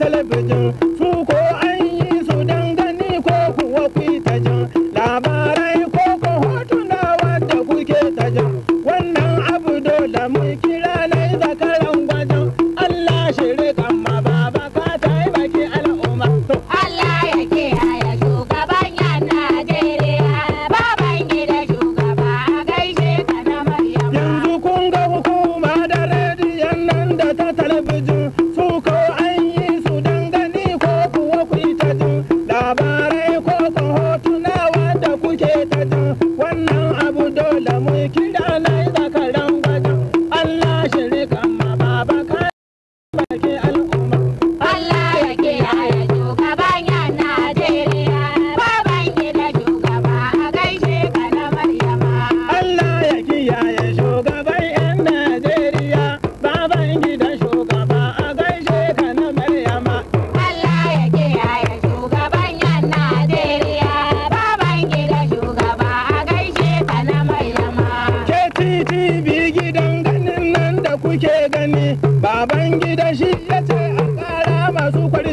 talabijin I'm Abara. ne baban gida shi ya ce a kara masu kwari.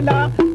Bala.